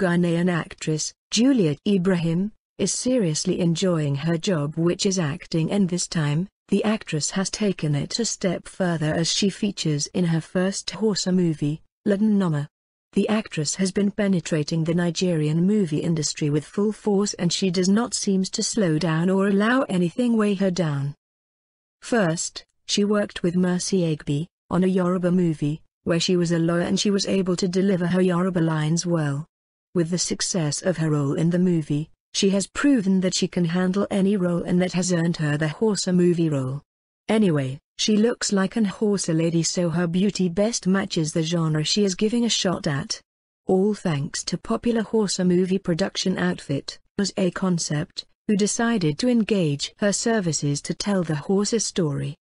Ghanaian actress, Juliet Ibrahim, is seriously enjoying her job which is acting and this time, the actress has taken it a step further as she features in her first horsa movie, Laden Noma*. The actress has been penetrating the Nigerian movie industry with full force and she does not seem to slow down or allow anything weigh her down. First, she worked with Mercy Egbe, on a Yoruba movie, where she was a lawyer and she was able to deliver her Yoruba lines well. With the success of her role in the movie, she has proven that she can handle any role and that has earned her the horsea movie role. Anyway, she looks like an horsea lady so her beauty best matches the genre she is giving a shot at. All thanks to popular horsea movie production outfit, was a concept, who decided to engage her services to tell the horsea story.